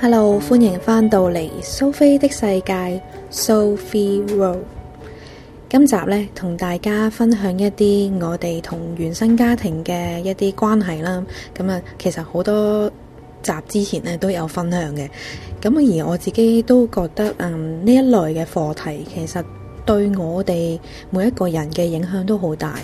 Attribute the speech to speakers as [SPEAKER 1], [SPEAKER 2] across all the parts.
[SPEAKER 1] Hello，歡迎翻到嚟蘇菲的世界 Sophie World。今集呢同大家分享一啲我哋同原生家庭嘅一啲關係啦。咁、嗯、啊，其實好多集之前咧都有分享嘅。咁而我自己都覺得，嗯，呢一類嘅課題，其實對我哋每一個人嘅影響都好大。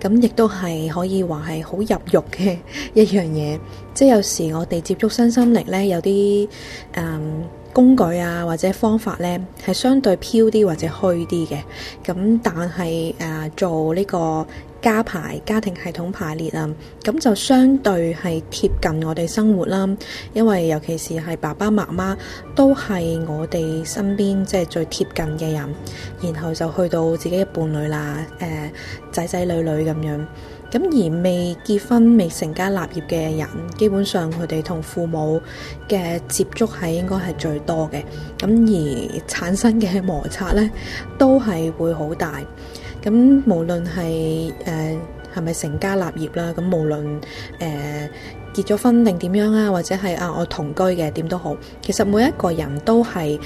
[SPEAKER 1] 咁、嗯、亦都係可以話係好入肉嘅 一樣嘢。即係有時我哋接觸身心靈呢，有啲誒、嗯、工具啊，或者方法呢，係相對飄啲或者虛啲嘅。咁但係誒、呃、做呢個家排家庭系統排列啊，咁就相對係貼近我哋生活啦、啊。因為尤其是係爸爸媽媽都係我哋身邊即係最貼近嘅人，然後就去到自己嘅伴侶啦，誒、呃、仔仔女女咁樣。咁而未結婚、未成家立業嘅人，基本上佢哋同父母嘅接觸係應該係最多嘅。咁而產生嘅摩擦呢，都係會好大。咁無論係誒係咪成家立業啦，咁無論誒、呃、結咗婚定點樣啊，或者係啊我同居嘅點都好，其實每一個人都係誒。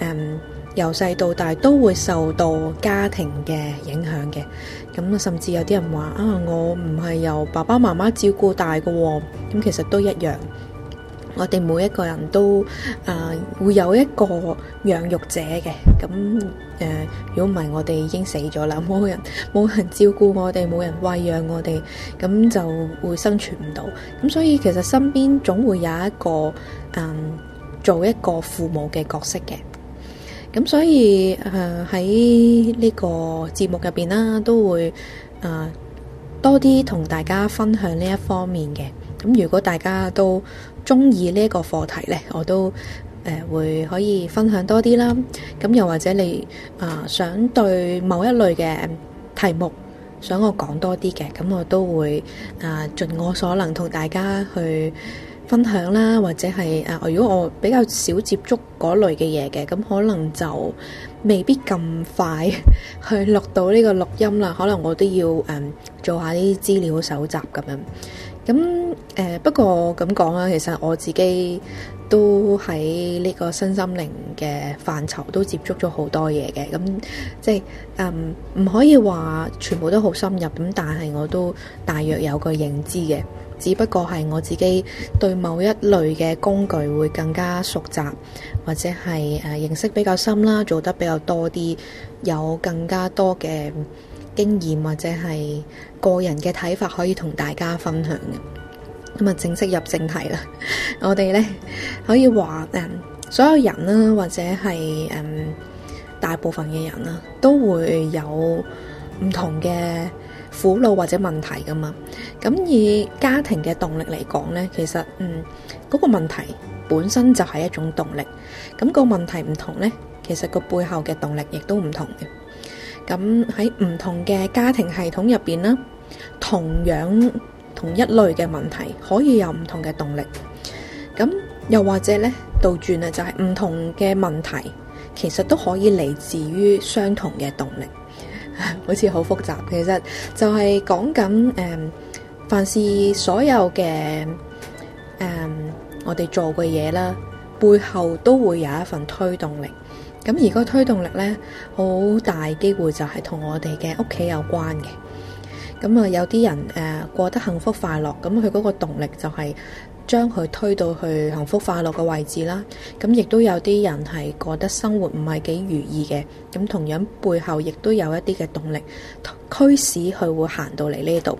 [SPEAKER 1] 呃由細到大都會受到家庭嘅影響嘅。咁甚至有啲人話，啊我唔係由爸爸媽媽照顧大㗎。咁其實都一樣，我哋每一個人都啊會有一個養育者嘅。咁如果唔係我哋已經死咗喇，冇人照顧我哋，冇人餵養我哋，咁就會生存唔到。咁所以其實身邊總會有一個做一個父母嘅角色嘅。咁所以，誒喺呢個節目入邊啦，都會誒、呃、多啲同大家分享呢一方面嘅。咁如果大家都中意呢個課題呢，我都誒、呃、會可以分享多啲啦。咁又或者你誒想對某一類嘅題目，想我講多啲嘅，咁我都會誒、呃、盡我所能同大家去分享啦，或者係誒，如果我比較少接觸嗰類嘅嘢嘅，咁可能就未必咁快去錄到呢個錄音啦。可能我都要誒、嗯、做下啲資料搜集咁樣。咁誒、嗯，不過咁講啦，其實我自己都喺呢個身心靈嘅範疇都接觸咗好多嘢嘅。咁即係誒，就係、嗯、唔可以話全部都好深入咁，但係我都大約有個認知嘅。只不過係我自己對某一類嘅工具會更加熟習，或者係誒認識比較深啦，做得比較多啲，有更加多嘅經驗或者係個人嘅睇法可以同大家分享嘅。咁啊，正式入正題啦， 我哋呢可以話誒，所有人啦，或者係誒大部分嘅人啦，都會有唔同嘅苦惱或者問題噶嘛。咁以家庭嘅動力嚟講呢，其實嗯嗰個問題本身就係一種動力。咁個問題唔同呢，其實個背後嘅動力亦都唔同嘅。咁喺唔同嘅家庭系統入邊呢，同樣同一類嘅問題可以有唔同嘅動力。咁又或者呢，倒轉啊，就係唔同嘅問題，其實都可以嚟自於相同嘅動力。好似好複雜，其實就係講緊誒，凡是所有嘅誒，我哋做嘅嘢啦，背後都會有一份推動力。咁而個推動力呢，好大機會就係同我哋嘅屋企有關嘅。咁啊，有啲人誒過得幸福快樂，咁佢嗰個動力就係。將佢推到去幸福快樂嘅位置啦，咁亦都有啲人係覺得生活唔係幾如意嘅，咁同樣背後亦都有一啲嘅動力驅使佢會行到嚟呢度。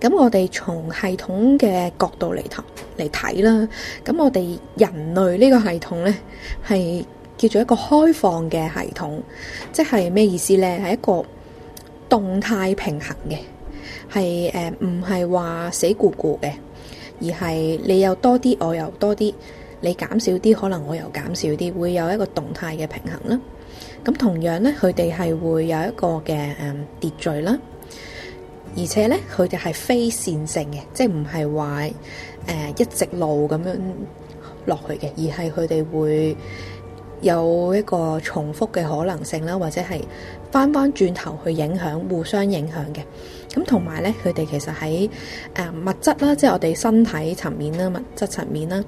[SPEAKER 1] 咁我哋從系統嘅角度嚟睇嚟睇啦，咁我哋人類呢個系統呢，係叫做一個開放嘅系統，即係咩意思呢？係一個動態平衡嘅，係誒唔係話死咕咕嘅。而係你又多啲，我又多啲；你減少啲，可能我又減少啲，會有一個動態嘅平衡啦。咁同樣呢，佢哋係會有一個嘅誒秩序啦，而且呢，佢哋係非線性嘅，即係唔係話誒一直路咁樣落去嘅，而係佢哋會有一個重複嘅可能性啦，或者係翻翻轉頭去影響、互相影響嘅。咁同埋咧，佢哋其實喺誒、呃、物質啦，即係我哋身體層面啦、物質層面啦、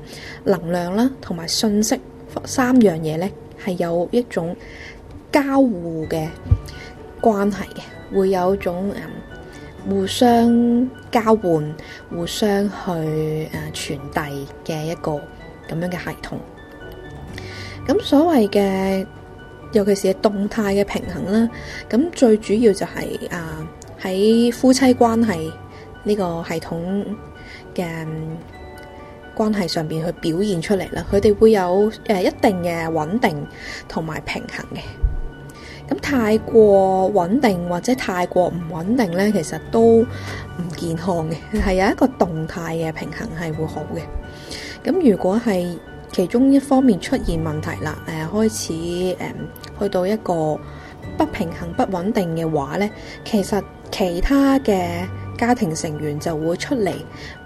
[SPEAKER 1] 能量啦，同埋信息三樣嘢咧，係有一種交互嘅關係嘅，會有種誒、呃、互相交換、互相去誒、呃、傳遞嘅一個咁樣嘅系統。咁、呃、所謂嘅，尤其係動態嘅平衡啦，咁、呃、最主要就係、是、啊。呃喺夫妻關係呢個系統嘅關係上邊去表現出嚟啦，佢哋會有誒一定嘅穩定同埋平衡嘅。咁太過穩定或者太過唔穩定呢，其實都唔健康嘅，係有一個動態嘅平衡係會好嘅。咁如果係其中一方面出現問題啦，誒開始誒、嗯、去到一個。不平衡、不穩定嘅話呢，其實其他嘅家庭成員就會出嚟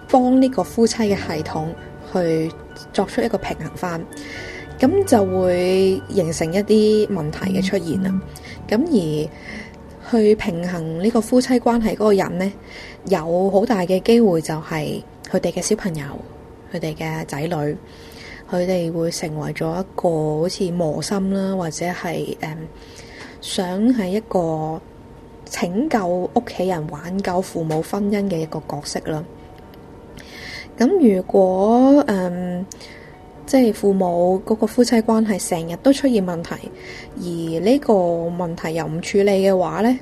[SPEAKER 1] 幫呢個夫妻嘅系統去作出一個平衡返，咁就會形成一啲問題嘅出現啦。咁而去平衡呢個夫妻關係嗰個人呢，有好大嘅機會就係佢哋嘅小朋友、佢哋嘅仔女，佢哋會成為咗一個好似磨心啦，或者係誒。Um, 想係一個拯救屋企人、挽救父母婚姻嘅一個角色啦。咁如果誒，即係父母嗰個夫妻關係成日都出現問題，而呢個問題又唔處理嘅話咧，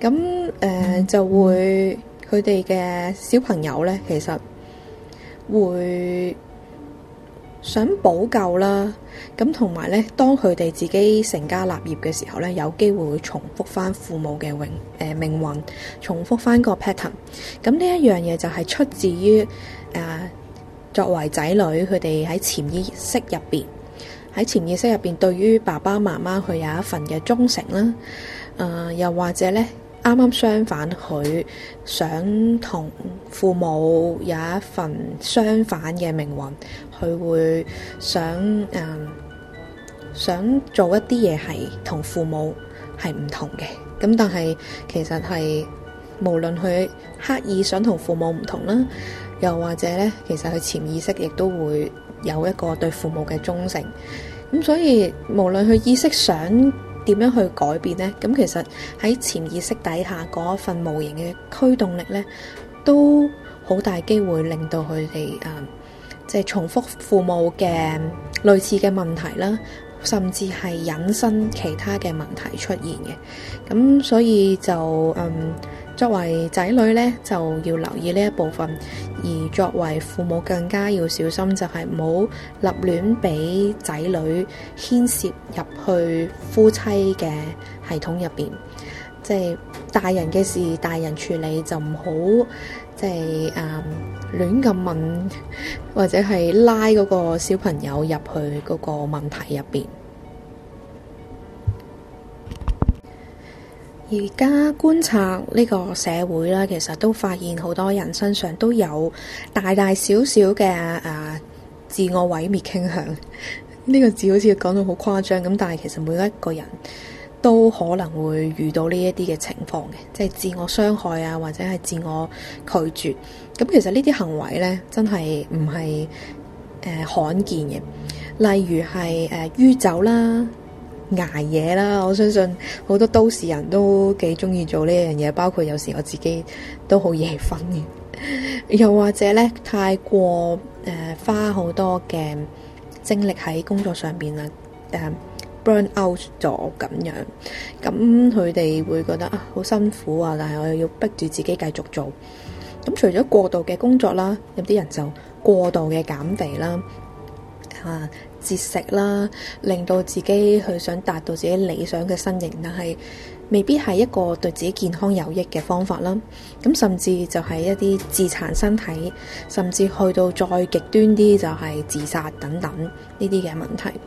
[SPEAKER 1] 咁誒就會佢哋嘅小朋友咧，其實會。想補救啦，咁同埋咧，當佢哋自己成家立業嘅時候咧，有機會會重複翻父母嘅命，誒、呃、命運，重複翻個 pattern。咁呢一樣嘢就係出自於誒、呃、作為仔女，佢哋喺潛意識入邊，喺潛意識入邊對於爸爸媽媽佢有一份嘅忠誠啦，誒、呃、又或者咧。啱啱相反，佢想同父母有一份相反嘅命運，佢會想誒、呃、想做一啲嘢係同父母係唔同嘅。咁但係其實，係無論佢刻意想同父母唔同啦，又或者咧，其實，佢潛意識亦都會有一個對父母嘅忠誠，咁、嗯、所以無論佢意識想。點樣去改變呢？咁其實喺潛意識底下嗰一份模型嘅驅動力呢，都好大機會令到佢哋誒，即、嗯、係、就係、重複父母嘅類似嘅問題啦，甚至係引申其他嘅問題出現嘅。咁、嗯、所以就誒。嗯作為仔女咧，就要留意呢一部分；而作為父母，更加要小心，就係唔好立亂俾仔女牽涉入去夫妻嘅系統入邊。即係大人嘅事，大人處理就唔好，即係誒亂咁問，或者係拉嗰個小朋友入去嗰個問題入邊。而家觀察呢個社會啦，其實都發現好多人身上都有大大小小嘅誒、啊、自我毀滅傾向。呢、這個字好似講到好誇張，咁但係其實每一個人都可能會遇到呢一啲嘅情況嘅，即係自我傷害啊，或者係自我拒絕。咁、嗯、其實呢啲行為呢，真係唔係誒罕見嘅。例如係誒酗酒啦。捱夜啦，我相信好多都市人都幾鍾意做呢樣嘢，包括有時我自己都好夜瞓嘅。又或者呢，太過誒，呃，花好多嘅精力喺工作上邊啊，呃，burn out 咗咁樣，咁佢哋會覺得啊好辛苦啊，但係我又要逼住自己繼續做。咁除咗過度嘅工作啦，有啲人就過度嘅減肥啦，啊～節食啦，令到自己去想達到自己理想嘅身形，但係未必係一個對自己健康有益嘅方法啦。咁甚至就係一啲自殘身體，甚至去到再極端啲，就係自殺等等呢啲嘅問題。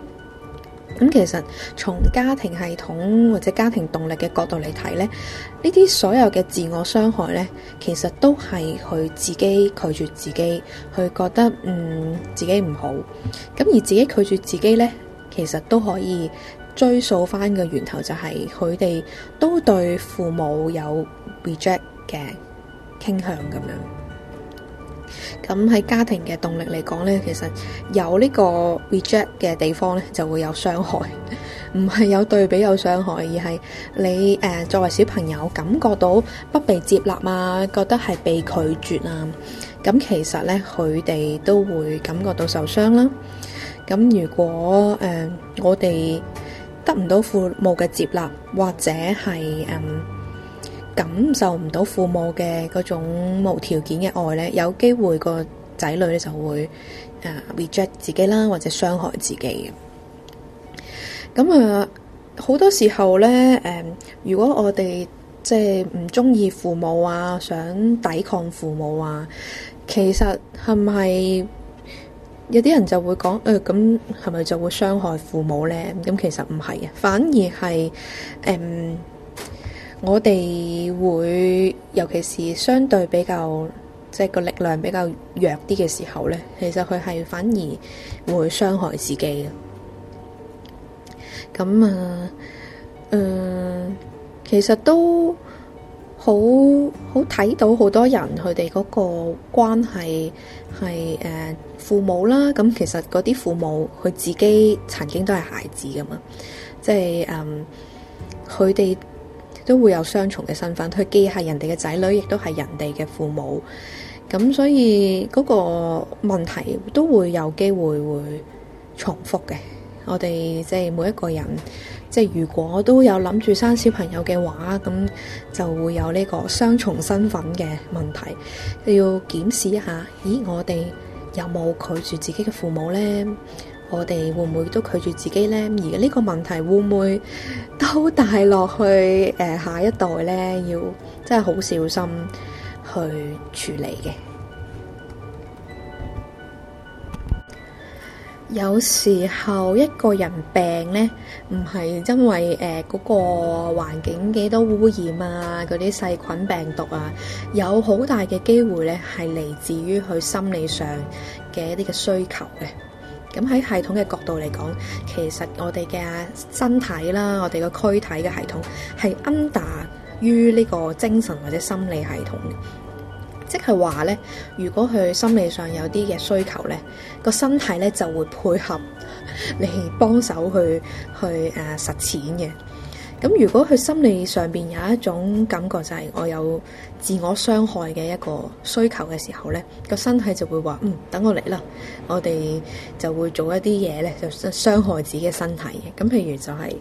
[SPEAKER 1] 咁其實從家庭系統或者家庭動力嘅角度嚟睇咧，呢啲所有嘅自我傷害咧，其實都係佢自己拒絕自己，佢覺得嗯自己唔好，咁而自己拒絕自己咧，其實都可以追溯翻個源頭就係佢哋都對父母有 reject 嘅傾向咁樣。咁喺家庭嘅動力嚟講呢，其實有呢個 reject 嘅地方呢，就會有傷害，唔係有對比有傷害，而係你誒作為小朋友感覺到不被接納啊，覺得係被拒絕啊，咁其實呢佢哋都會感覺到受傷啦。咁如果誒我哋得唔到父母嘅接納，或者係誒。感受唔到父母嘅嗰種無條件嘅愛呢，有機會個仔女就會誒 reject 自己啦，或者傷害自己。咁啊，呃，好多時候呢，誒，呃，如果我哋即係唔中意父母啊，想抵抗父母啊，其實係咪有啲人就會講誒：「咁係咪就會傷害父母呢？」咁其實唔係啊，反而係誒，呃我哋會，尤其是相對比較即係個力量比較弱啲嘅時候咧，其實佢係反而會傷害自己嘅。咁啊，誒、呃呃，其實都好好睇到好多人佢哋嗰個關係係誒、呃、父母啦。咁、嗯、其實嗰啲父母佢自己曾經都係孩子噶嘛，即係嗯，佢、呃、哋。都會有雙重嘅身份，佢係人哋嘅仔女，亦都係人哋嘅父母。咁所以嗰個問題都會有機會會重複嘅。我哋即係每一個人，即係如果都有諗住生小朋友嘅話，咁就會有呢個雙重身份嘅問題，要檢視一下。咦，我哋有冇拒絕自己嘅父母呢？我哋會唔會都拒絕自己呢？而呢個問題會唔會都帶落去誒，下一代呢？要真係好小心去處理嘅。有時候一個人病呢，唔係因為誒嗰個環境幾多污染啊，嗰啲細菌病毒啊，有好大嘅機會呢，係嚟自於佢心理上嘅一啲嘅需求嘅。咁喺系統嘅角度嚟講，其實我哋嘅身體啦，我哋個軀體嘅系統，係 under 於呢個精神或者心理系統，即係話咧，如果佢心理上有啲嘅需求咧，個身體咧就會配合嚟幫手去去誒實踐嘅。咁如果佢心理上邊有一種感覺就係我有自我傷害嘅一個需求嘅時候，呢個身體就會話：嗯，等我嚟啦！我哋就會做一啲嘢，呢就傷害自己嘅身體嘅。咁譬如就係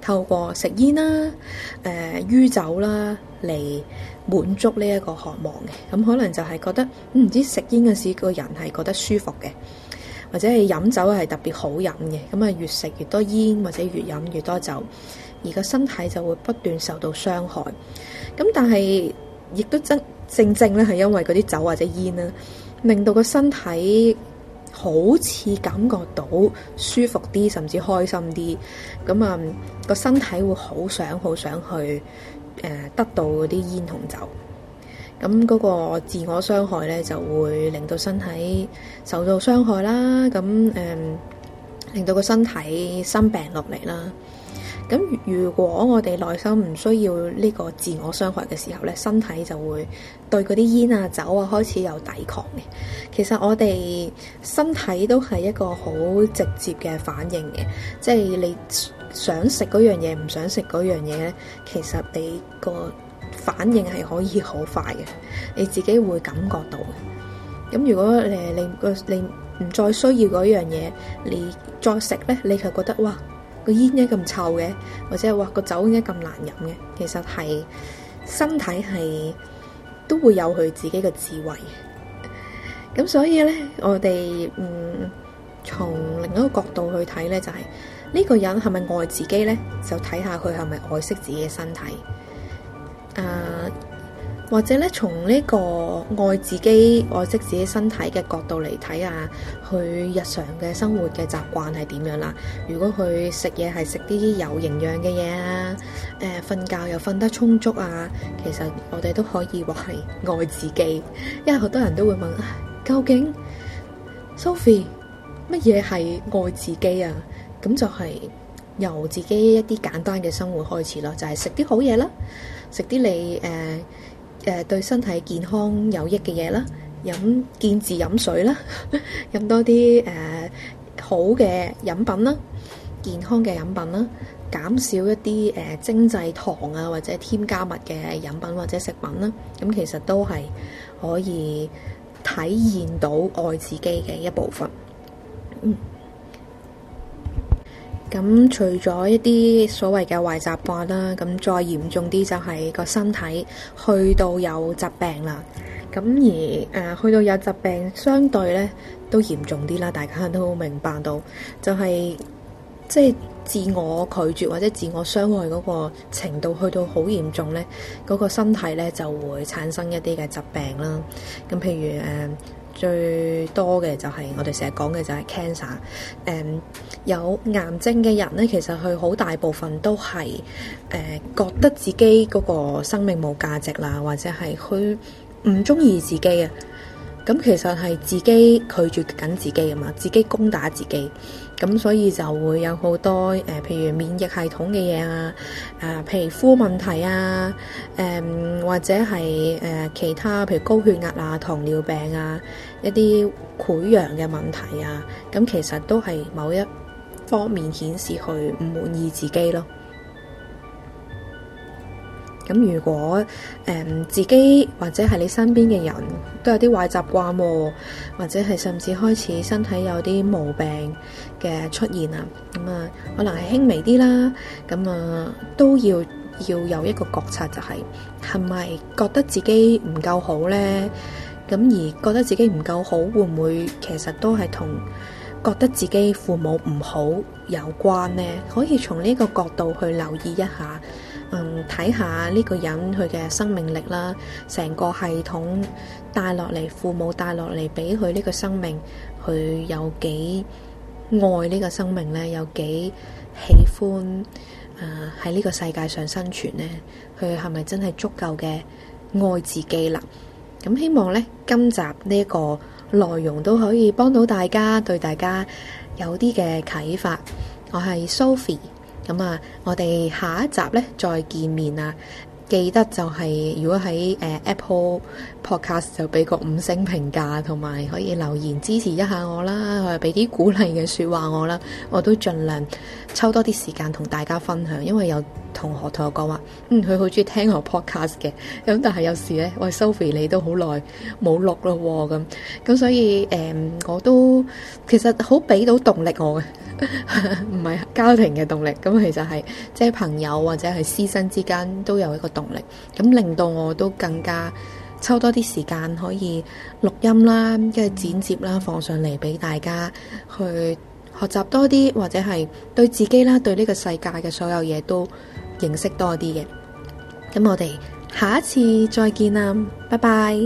[SPEAKER 1] 透過食煙啦、誒、呃、酗酒啦嚟滿足呢一個渴望嘅。咁可能就係覺得唔、嗯、知食煙嗰時個人係覺得舒服嘅，或者係飲酒係特別好飲嘅。咁啊，越食越多煙，或者越飲越多酒。而個身體就會不斷受到傷害，咁但係亦都真正正正咧，係因為嗰啲酒或者煙啦，令到個身體好似感覺到舒服啲，甚至開心啲，咁啊個身體會好想好想去誒、呃、得到嗰啲煙同酒，咁嗰、嗰個自我傷害咧就會令到身體受到傷害啦，咁誒、嗯、令到個身體生病落嚟啦。咁如果我哋內心唔需要呢個自我傷害嘅時候呢，身體就會對嗰啲煙啊、酒啊開始有抵抗嘅。其實我哋身體都係一個好直接嘅反應嘅，即係你想食嗰樣嘢，唔想食嗰樣嘢咧，其實你個反應係可以好快嘅，你自己會感覺到嘅。咁如果誒你個你唔再需要嗰樣嘢，你再食呢，你就覺得哇～個煙一咁臭嘅，或者係話個酒一咁難飲嘅，其實係身體係都會有佢自己嘅智慧嘅。咁所以咧，我哋嗯從另一個角度去睇咧，就係、是、呢、這個人係咪愛自己咧，就睇下佢係咪愛惜自己嘅身體。啊、uh。或者咧，從呢個愛自己、愛惜自己身體嘅角度嚟睇啊，佢日常嘅生活嘅習慣係點樣啦？如果佢食嘢係食啲有營養嘅嘢啊，誒，瞓覺又瞓得充足啊，其實我哋都可以話係愛自己，因為好多人都會問啊，究竟 Sophie 乜嘢係愛自己啊？咁就係由自己一啲簡單嘅生活開始咯，就係食啲好嘢啦，食啲你誒。誒、呃，對身體健康有益嘅嘢啦，飲，見字飲水啦，飲多啲誒、呃、好嘅飲品啦，健康嘅飲品啦，減少一啲誒、呃、精製糖啊或者添加物嘅飲品或者食品啦，咁、呃、其實都係可以體驗到愛自己嘅一部分。嗯。咁除咗一啲所謂嘅壞習慣啦，咁再嚴重啲就係個身體去到有疾病啦。咁而誒、呃，去到有疾病相對咧都嚴重啲啦，大家都明白到，就係即係自我拒絕或者自我傷害嗰個程度去到好嚴重咧，嗰、嗰個身體咧就會產生一啲嘅疾病啦。咁譬如誒。呃最多嘅就係我哋成日講嘅就係 cancer，誒 um，有癌症嘅人呢，其實佢好大部分都係誒、uh，覺得自己嗰個生命冇價值啦，或者係佢唔中意自己啊。咁其實係自己拒絕緊自己啊嘛，自己攻打自己，咁所以就會有好多誒、呃，譬如免疫系統嘅嘢啊，啊皮膚問題啊，誒、嗯、或者係誒、呃、其他譬如高血壓啊、糖尿病啊一啲潰瘍嘅問題啊，咁其實都係某一方面顯示佢唔滿意自己咯。咁如果誒、嗯、自己或者係你身邊嘅人都有啲壞習慣、啊，或者係甚至開始身體有啲毛病嘅出現啊，咁、嗯、啊可能係輕微啲啦，咁、嗯、啊都要要有一個覺察，就係係咪覺得自己唔夠好呢？咁而覺得自己唔夠好，會唔會其實都係同覺得自己父母唔好有關呢？可以從呢個角度去留意一下。嗯，睇下呢個人佢嘅生命力啦，成個系統帶落嚟，父母帶落嚟俾佢呢個生命，佢有幾愛呢個生命呢？有幾喜歡喺呢、呃、個世界上生存呢？佢係咪真係足夠嘅愛自己啦？咁希望呢，今集呢一個內容都可以幫到大家，對大家有啲嘅啟發。我係 Sophie。咁啊，我哋下一集咧再見面啊！記得就係、是、如果喺、呃、Apple Podcast 就俾個五星評價，同埋可以留言支持一下我啦，我俾啲鼓勵嘅説話我啦，我都盡量抽多啲時間同大家分享。因為有同學同我講話，嗯，佢好中意聽我 Podcast 嘅。咁但係有時咧，喂，Sophie 你都好耐冇錄咯咁，咁所以誒、嗯，我都其實好俾到動力我嘅。唔係家庭嘅動力，咁其實係即係朋友或者係師生之間都有一個動力，咁令到我都更加抽多啲時間可以錄音啦，跟住剪接啦，放上嚟俾大家去學習多啲，或者係對自己啦，對呢個世界嘅所有嘢都認識多啲嘅。咁我哋下一次再見啦，拜拜。